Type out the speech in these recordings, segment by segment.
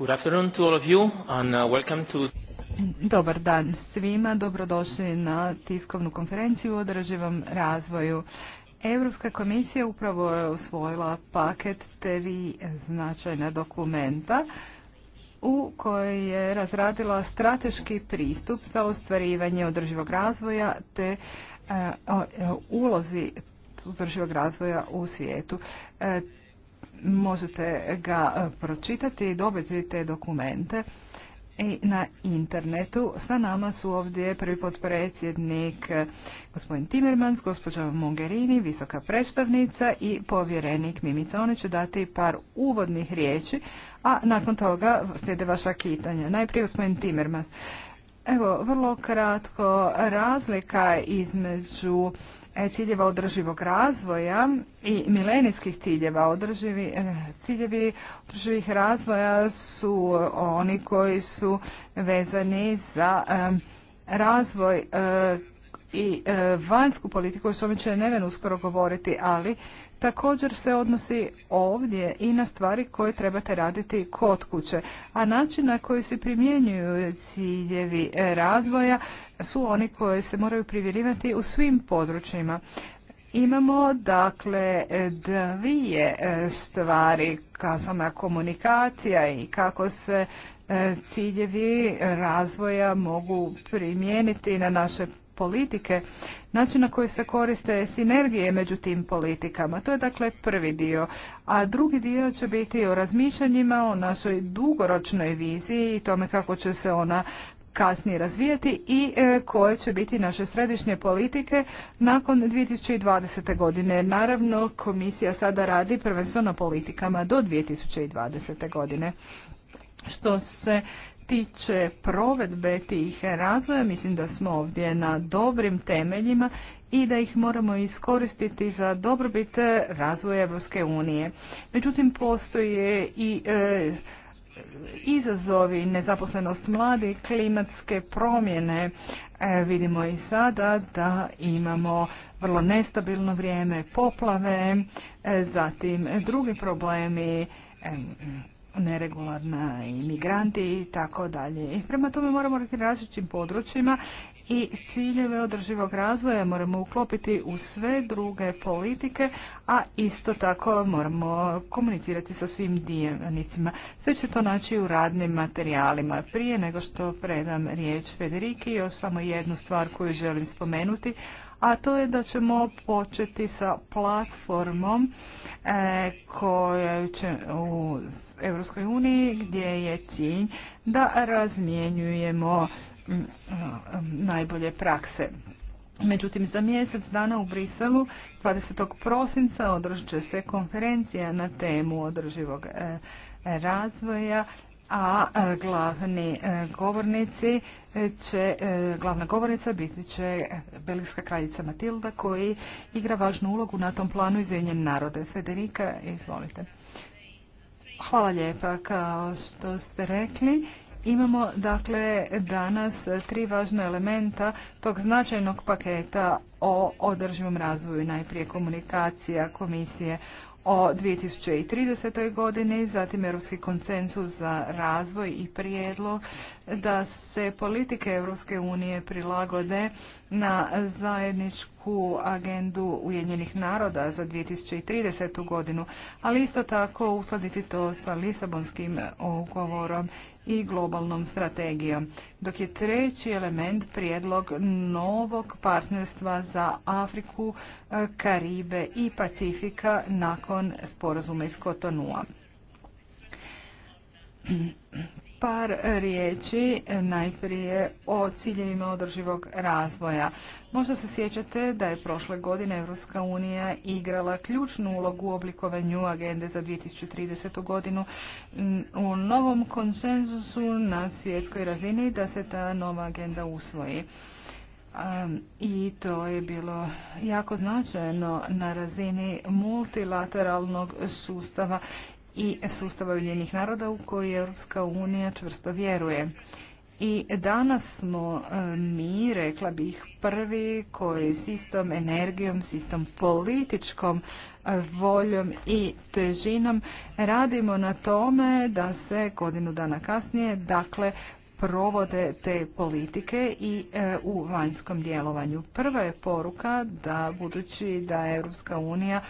Good uh, Dobar dan svima, dobrodošli na tiskovnu konferenciju o održivom razvoju. Europska komisija upravo je usvojila paket tri značajna dokumenta u kojoj je razradila strateški pristup za ostvarivanje održivog razvoja te e, e, ulozi održivog razvoja u svijetu. E, možete ga e, pročitati i dobiti te dokumente i na internetu. Sa nama su ovdje prvi potpredsjednik e, gospodin Timmermans, gospođa Mongerini, visoka predstavnica i povjerenik Mimica. Oni će dati par uvodnih riječi, a nakon toga slijede vaša kitanja. Najprije gospodin Timmermans. Evo, vrlo kratko, razlika između E, ciljeva održivog razvoja i milenijskih ciljeva održivi, e, ciljevi održivih razvoja su e, oni koji su vezani za razvoj i vanjsku politiku, o tome će Neven uskoro govoriti, ali također se odnosi ovdje i na stvari koje trebate raditi kod kuće. A način na koji se primjenjuju ciljevi e, razvoja su oni koji se moraju privjerivati u svim područjima. Imamo dakle dvije e, stvari, kazana komunikacija i kako se e, ciljevi razvoja mogu primijeniti na naše politike, način na koji se koriste sinergije među tim politikama. To je dakle prvi dio. A drugi dio će biti o razmišljanjima, o našoj dugoročnoj viziji i tome kako će se ona kasnije razvijati i e, koje će biti naše središnje politike nakon 2020. godine. Naravno, komisija sada radi prvenstveno politikama do 2020. godine. Što se tiče provedbe tih razvoja, mislim da smo ovdje na dobrim temeljima i da ih moramo iskoristiti za dobrobit razvoja Evropske unije. Međutim, postoje i e, izazovi, nezaposlenost mladi, klimatske promjene. E, vidimo i sada da imamo vrlo nestabilno vrijeme, poplave, e, zatim drugi problemi, neregularna imigranti i tako dalje. I prema tome moramo na različitim područjima i ciljeve održivog razvoja moramo uklopiti u sve druge politike, a isto tako moramo komunicirati sa svim dionicima. Sve će to naći u radnim materijalima. Prije nego što predam riječ Federiki, još samo jednu stvar koju želim spomenuti, a to je da ćemo početi sa platformom e, koja će u Europskoj uniji gdje je cilj da razmjenjujemo mm, mm, najbolje prakse. Međutim, za mjesec dana u Briselu, 20. prosinca, održat će se konferencija na temu održivog e, razvoja a e, glavni e, govornici e, će, glavna govornica biti će belgijska kraljica Matilda koji igra važnu ulogu na tom planu i narode. Federika, izvolite. Hvala lijepa. Kao što ste rekli, imamo dakle danas tri važna elementa tog značajnog paketa o održivom razvoju. Najprije komunikacija komisije o 2030. godini, zatim Europski konsensus za razvoj i prijedlog da se politike Europske unije prilagode na zajedničku agendu Ujedinjenih naroda za 2030. godinu, ali isto tako uskladiti to sa Lisabonskim ugovorom i globalnom strategijom. Dok je treći element prijedlog novog partnerstva za Afriku, Karibe i Pacifika nakon nakon sporazuma iz Kotonua. Par riječi najprije o ciljevima održivog razvoja. Možda se sjećate da je prošle godine Europska unija igrala ključnu ulogu u oblikovanju agende za 2030. godinu u novom konsenzusu na svjetskoj razini da se ta nova agenda usvoji i to je bilo jako značajno na razini multilateralnog sustava i sustava Ujedinjenih naroda u koji Europska unija čvrsto vjeruje. I danas smo mi, rekla bih, prvi koji s istom energijom, s istom političkom voljom i težinom radimo na tome da se godinu dana kasnije, dakle, provode te politike i e, u vanjskom djelovanju. Prva je poruka da budući da je Europska unija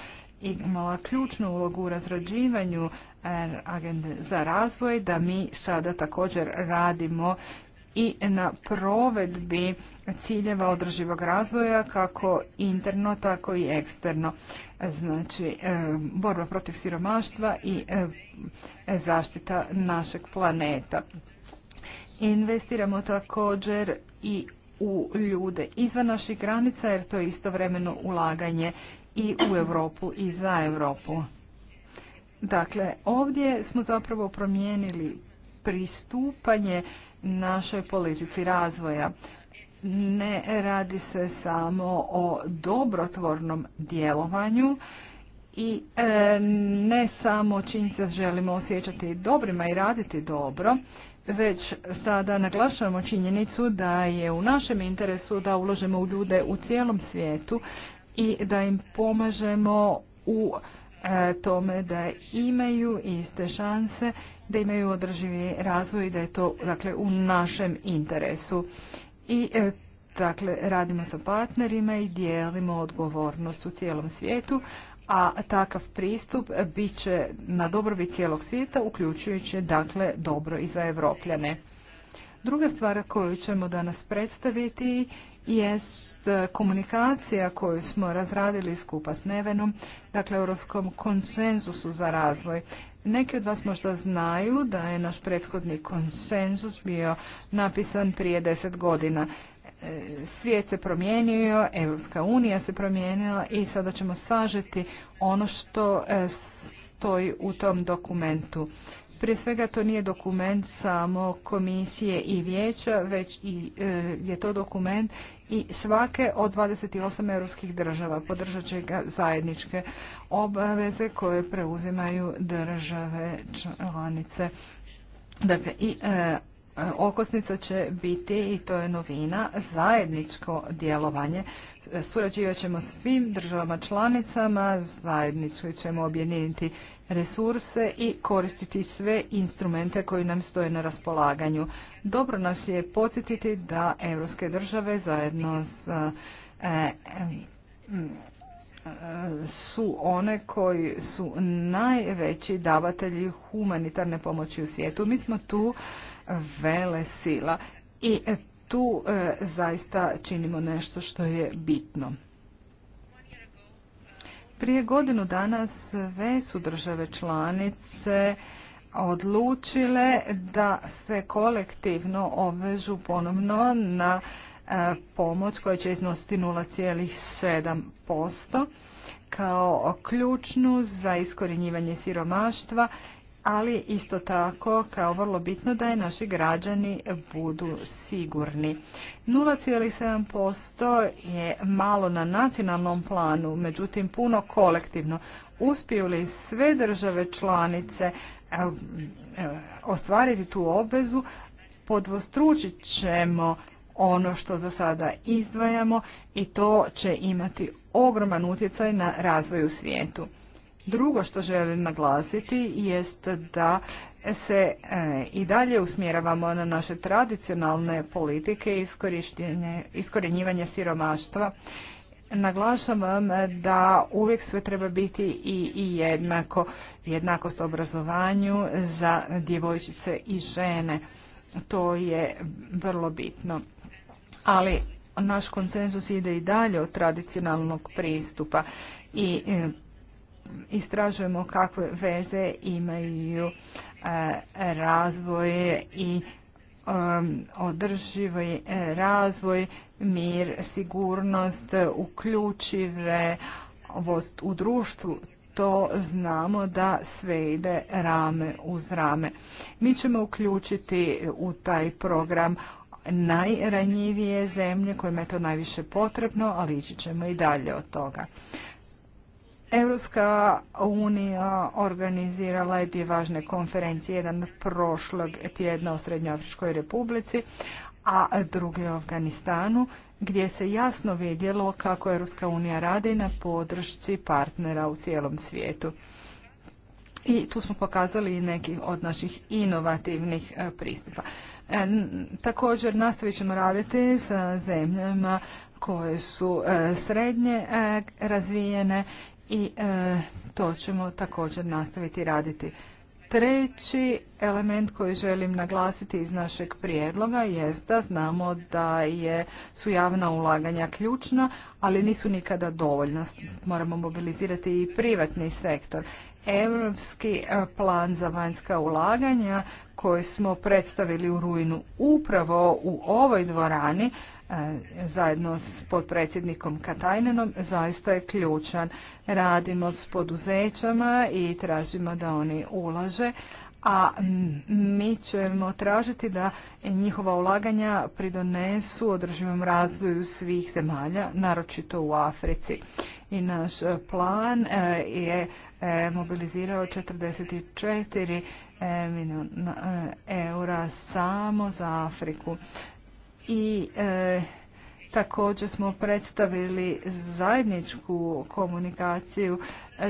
imala ključnu ulogu u razrađivanju e, agende za razvoj, da mi sada također radimo i na provedbi ciljeva održivog razvoja kako interno, tako i eksterno. Znači, e, borba protiv siromaštva i zaštita našeg planeta. Investiramo također i u ljude izvan naših granica jer to je istovremeno ulaganje i u Europu i za Europu. Dakle, ovdje smo zapravo promijenili pristupanje našoj politici razvoja. Ne radi se samo o dobrotvornom djelovanju i e, ne samo čim se želimo osjećati dobrima i raditi dobro, već sada naglašavamo činjenicu da je u našem interesu da uložimo u ljude u cijelom svijetu i da im pomažemo u e, tome da imaju iste šanse, da imaju održivi razvoj i da je to dakle, u našem interesu. I e, dakle, radimo sa partnerima i dijelimo odgovornost u cijelom svijetu, a takav pristup bit će na dobrobit cijelog svijeta, uključujući dakle dobro i za Evropljane. Druga stvar koju ćemo danas predstaviti jest komunikacija koju smo razradili skupa s Nevenom, dakle Europskom konsenzusu za razvoj. Neki od vas možda znaju da je naš prethodni konsenzus bio napisan prije deset godina svijet se promijenio, Europska unija se promijenila i sada ćemo sažeti ono što e, stoji u tom dokumentu. Prije svega to nije dokument samo komisije i vijeća, već i, e, je to dokument i svake od 28 europskih država. Podržat će ga zajedničke obaveze koje preuzimaju države članice. Dakle, i e, E, okosnica će biti, i to je novina, zajedničko djelovanje. E, surađivat ćemo svim državama članicama, zajednički ćemo objediniti resurse i koristiti sve instrumente koji nam stoje na raspolaganju. Dobro nas je podsjetiti da europske države zajedno s e, su one koji su najveći davatelji humanitarne pomoći u svijetu. Mi smo tu vele sila i tu e, zaista činimo nešto što je bitno. Prije godinu danas sve su države članice odlučile da se kolektivno obvežu ponovno na E, pomoć koja će iznositi 0,7% kao ključnu za iskorjenjivanje siromaštva, ali isto tako kao vrlo bitno da je naši građani budu sigurni. 0,7% je malo na nacionalnom planu, međutim puno kolektivno. Uspiju li sve države članice e, e, ostvariti tu obvezu, podvostručit ćemo ono što za sada izdvajamo i to će imati ogroman utjecaj na razvoj u svijetu. Drugo što želim naglasiti jest da se e, i dalje usmjeravamo na naše tradicionalne politike iskorjenjivanja siromaštva. siromaštva. Naglašavam e, da uvijek sve treba biti i, i jednako, jednakost obrazovanju za djevojčice i žene. To je vrlo bitno ali naš konsenzus ide i dalje od tradicionalnog pristupa i e, istražujemo kakve veze imaju e, razvoje i e, održivi razvoj, mir, sigurnost, uključivost u društvu, to znamo da sve ide rame uz rame. Mi ćemo uključiti u taj program najranjivije zemlje kojima je to najviše potrebno, ali ići ćemo i dalje od toga. Europska unija organizirala je dvije važne konferencije, jedan prošlog tjedna u Srednjoafričkoj republici, a drugi u Afganistanu, gdje se jasno vidjelo kako Europska unija radi na podršci partnera u cijelom svijetu i tu smo pokazali i neki od naših inovativnih e, pristupa. E, također nastavit ćemo raditi sa zemljama koje su e, srednje razvijene i to ćemo također nastaviti raditi. Treći element koji želim naglasiti iz našeg prijedloga jest da znamo da je, su javna ulaganja ključna, ali nisu nikada dovoljna. Moramo mobilizirati i privatni sektor. Europski e, plan za vanjska ulaganja koji smo predstavili u rujnu upravo u ovoj dvorani e, zajedno s potpredsjednikom Katajnenom zaista je ključan. Radimo s poduzećama i tražimo da oni ulaže, a mi ćemo tražiti da njihova ulaganja pridonesu održivom razvoju svih zemalja, naročito u Africi. I naš plan e, je e, mobilizirao 44 e, milijuna eura samo za Afriku. I Također smo predstavili zajedničku komunikaciju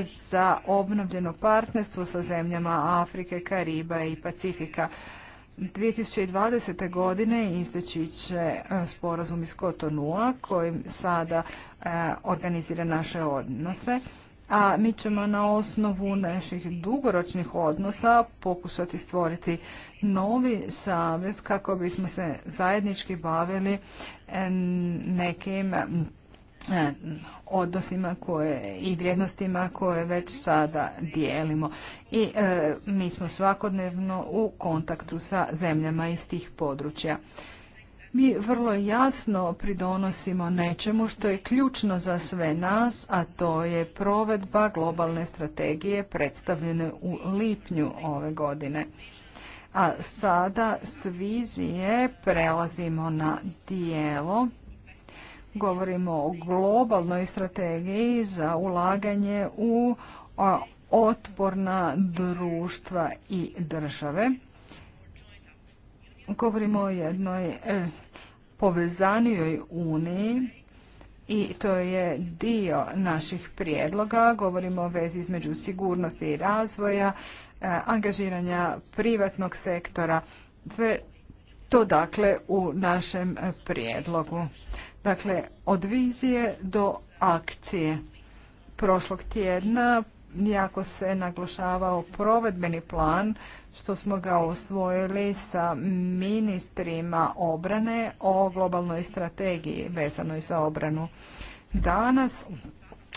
za obnovljeno partnerstvo sa zemljama Afrike, Kariba i Pacifika. 2020. godine isteći će e, sporazum iz Kotonua kojim sada e, organizira naše odnose a mi ćemo na osnovu naših dugoročnih odnosa pokušati stvoriti novi savez kako bismo se zajednički bavili nekim odnosima koje i vrijednostima koje već sada dijelimo. I e, mi smo svakodnevno u kontaktu sa zemljama iz tih područja. Mi vrlo jasno pridonosimo nečemu što je ključno za sve nas, a to je provedba globalne strategije predstavljene u lipnju ove godine. A sada s vizije prelazimo na dijelo. Govorimo o globalnoj strategiji za ulaganje u otporna društva i države Govorimo o jednoj e, povezanijoj uniji i to je dio naših prijedloga. Govorimo o vezi između sigurnosti i razvoja, e, angažiranja privatnog sektora. Sve to dakle u našem prijedlogu. Dakle, od vizije do akcije. Prošlog tjedna jako se naglašavao provedbeni plan što smo ga osvojili sa ministrima obrane o globalnoj strategiji vezanoj za obranu. Danas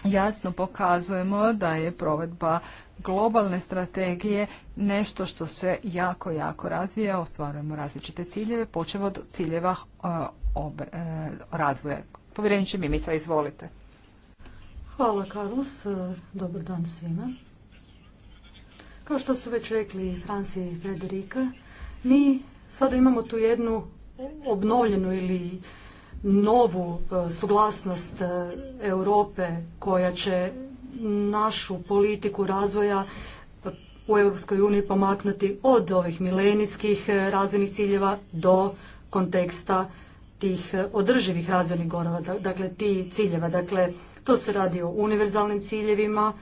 jasno pokazujemo da je provedba globalne strategije nešto što se jako, jako razvija. Ostvarujemo različite ciljeve, počev od ciljeva e, e, razvoja. Mimica, izvolite. Hvala, Carlos. E, dobar dan svima. Kao što su već rekli Franci i Frederika, mi sada imamo tu jednu obnovljenu ili novu e, suglasnost e, Europe koja će našu politiku razvoja u Europskoj uniji pomaknuti od ovih milenijskih razvojnih ciljeva do konteksta tih održivih razvojnih gorova, dakle ti ciljeva. Dakle, to se radi o univerzalnim ciljevima,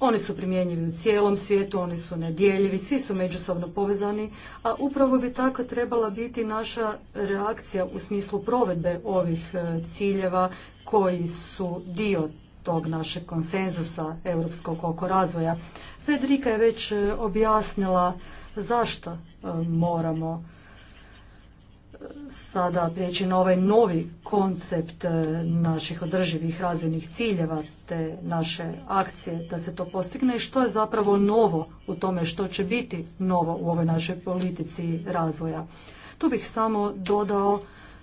oni su primjenjivi u cijelom svijetu, oni su nedjeljivi, svi su međusobno povezani, a upravo bi tako trebala biti naša reakcija u smislu provedbe ovih e, ciljeva koji su dio tog našeg konsenzusa europskog oko razvoja. Fredrika je već e, objasnila zašto e, moramo sada prijeći na ovaj novi koncept e, naših održivih razvojnih ciljeva te naše akcije da se to postigne i što je zapravo novo u tome što će biti novo u ovoj našoj politici razvoja. Tu bih samo dodao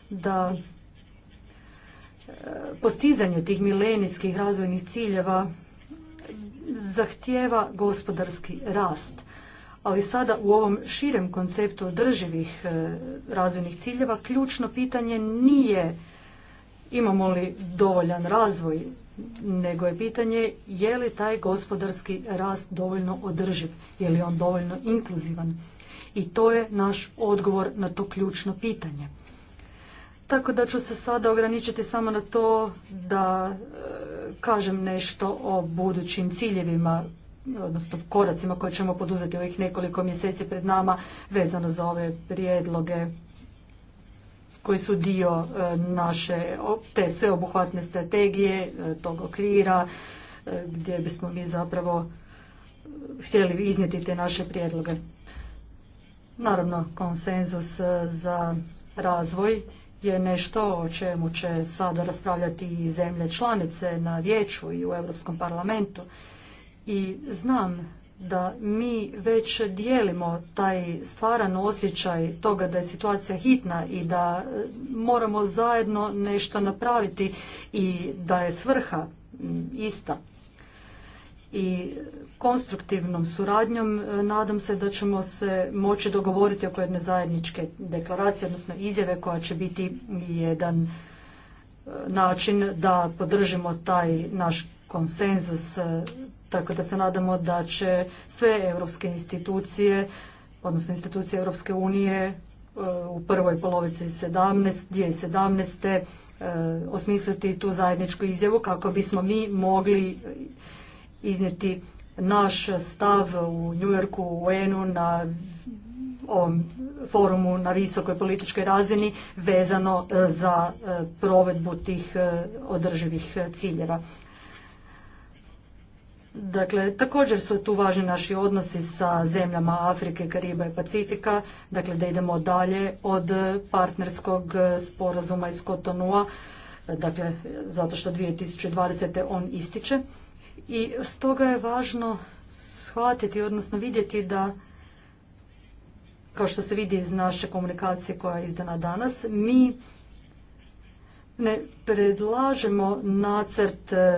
da e, postizanje tih milenijskih razvojnih ciljeva zahtjeva gospodarski rast ali sada u ovom širem konceptu održivih e, razvojnih ciljeva ključno pitanje nije imamo li dovoljan razvoj, nego je pitanje je li taj gospodarski rast dovoljno održiv, je li on dovoljno inkluzivan. I to je naš odgovor na to ključno pitanje. Tako da ću se sada ograničiti samo na to da e, kažem nešto o budućim ciljevima odnosno koracima koje ćemo poduzeti ovih nekoliko mjeseci pred nama vezano za ove prijedloge koji su dio e, naše te sveobuhvatne strategije, e, tog okvira e, gdje bismo mi zapravo htjeli iznijeti te naše prijedloge. Naravno, konsenzus za razvoj je nešto o čemu će sada raspravljati i zemlje članice na vijeću i u Europskom parlamentu i znam da mi već dijelimo taj stvaran osjećaj toga da je situacija hitna i da e, moramo zajedno nešto napraviti i da je svrha ista. I konstruktivnom suradnjom e, nadam se da ćemo se moći dogovoriti oko jedne zajedničke deklaracije, odnosno izjave koja će biti jedan e, način da podržimo taj naš konsenzus tako da se nadamo da će sve europske institucije, odnosno institucije Europske unije e, u prvoj polovici 17, 2017 e, osmisliti tu zajedničku izjavu kako bismo mi mogli iznijeti naš stav u Njujorku, u UN-u, na ovom forumu na visokoj političkoj razini vezano za e, provedbu tih održivih ciljeva. Dakle, također su tu važni naši odnosi sa zemljama Afrike, Kariba i Pacifika, dakle da idemo dalje od partnerskog sporazuma iz Kotonua, dakle zato što 2020. on ističe. I stoga je važno shvatiti, odnosno vidjeti da, kao što se vidi iz naše komunikacije koja je izdana danas, mi ne predlažemo nacrt e,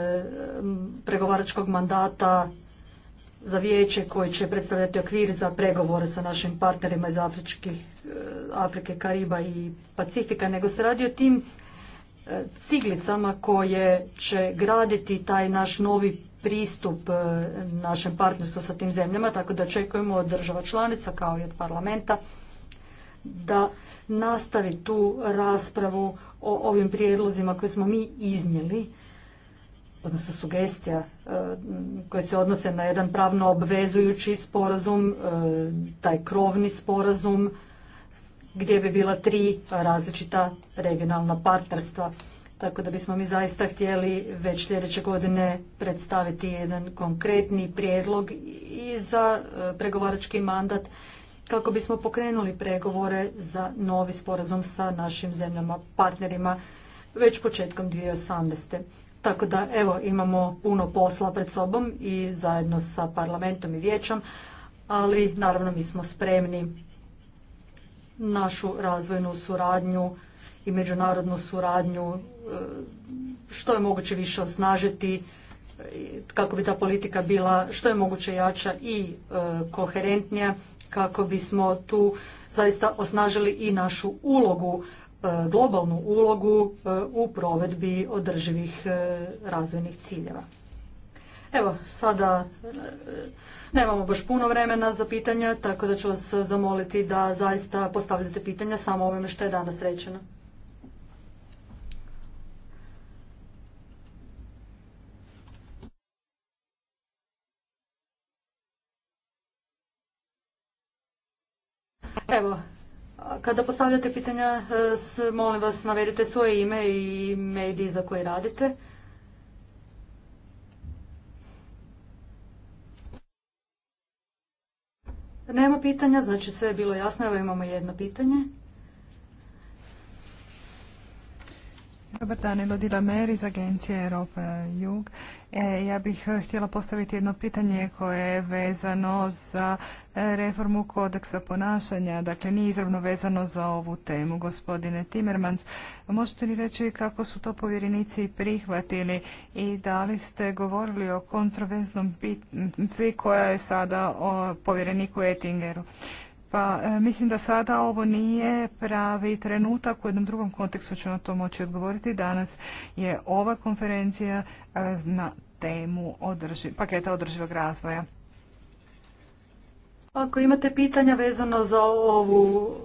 pregovaračkog mandata za vijeće koji će predstavljati okvir za pregovore sa našim partnerima iz e, Afrike, Kariba i Pacifika, nego se radi o tim e, ciglicama koje će graditi taj naš novi pristup našem partnerstvu sa tim zemljama, tako da očekujemo od država članica kao i od parlamenta da nastavi tu raspravu o ovim prijedlozima koje smo mi iznijeli, odnosno sugestija e, koje se odnose na jedan pravno obvezujući sporazum, e, taj krovni sporazum gdje bi bila tri različita regionalna partnerstva. Tako da bismo mi zaista htjeli već sljedeće godine predstaviti jedan konkretni prijedlog i za e, pregovarački mandat kako bismo pokrenuli pregovore za novi sporazum sa našim zemljama partnerima već početkom 2018. Tako da evo imamo puno posla pred sobom i zajedno sa parlamentom i vijećom, ali naravno mi smo spremni našu razvojnu suradnju i međunarodnu suradnju e, što je moguće više osnažiti e, kako bi ta politika bila što je moguće jača i e, koherentnija kako bismo tu zaista osnažili i našu ulogu, e, globalnu ulogu e, u provedbi održivih e, razvojnih ciljeva. Evo, sada nemamo baš puno vremena za pitanja, tako da ću vas zamoliti da zaista postavljate pitanja samo ovime što je danas rečeno. Evo, kada postavljate pitanja, eh, molim vas navedite svoje ime i mediji za koje radite. Nema pitanja, znači sve je bilo jasno, evo imamo jedno pitanje. Dobar dan, Elodila Mer iz Agencije Europa Jug. E, ja bih eh, htjela postaviti jedno pitanje koje je vezano za eh, reformu kodeksa ponašanja, dakle nije izravno vezano za ovu temu. Gospodine Timmermans, možete li reći kako su to povjerenici prihvatili i da li ste govorili o kontroverznom pitanju koja je sada o povjereniku Ettingeru? Pa e, mislim da sada ovo nije pravi trenutak, u jednom drugom kontekstu ćemo to moći odgovoriti. Danas je ova konferencija e, na temu paketa održivog razvoja. Ako imate pitanja vezano za ovu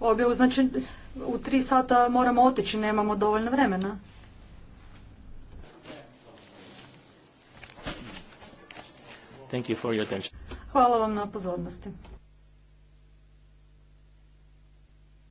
objavu, znači u tri sata moramo otići, nemamo dovoljno vremena. Hvala vam na pozornosti.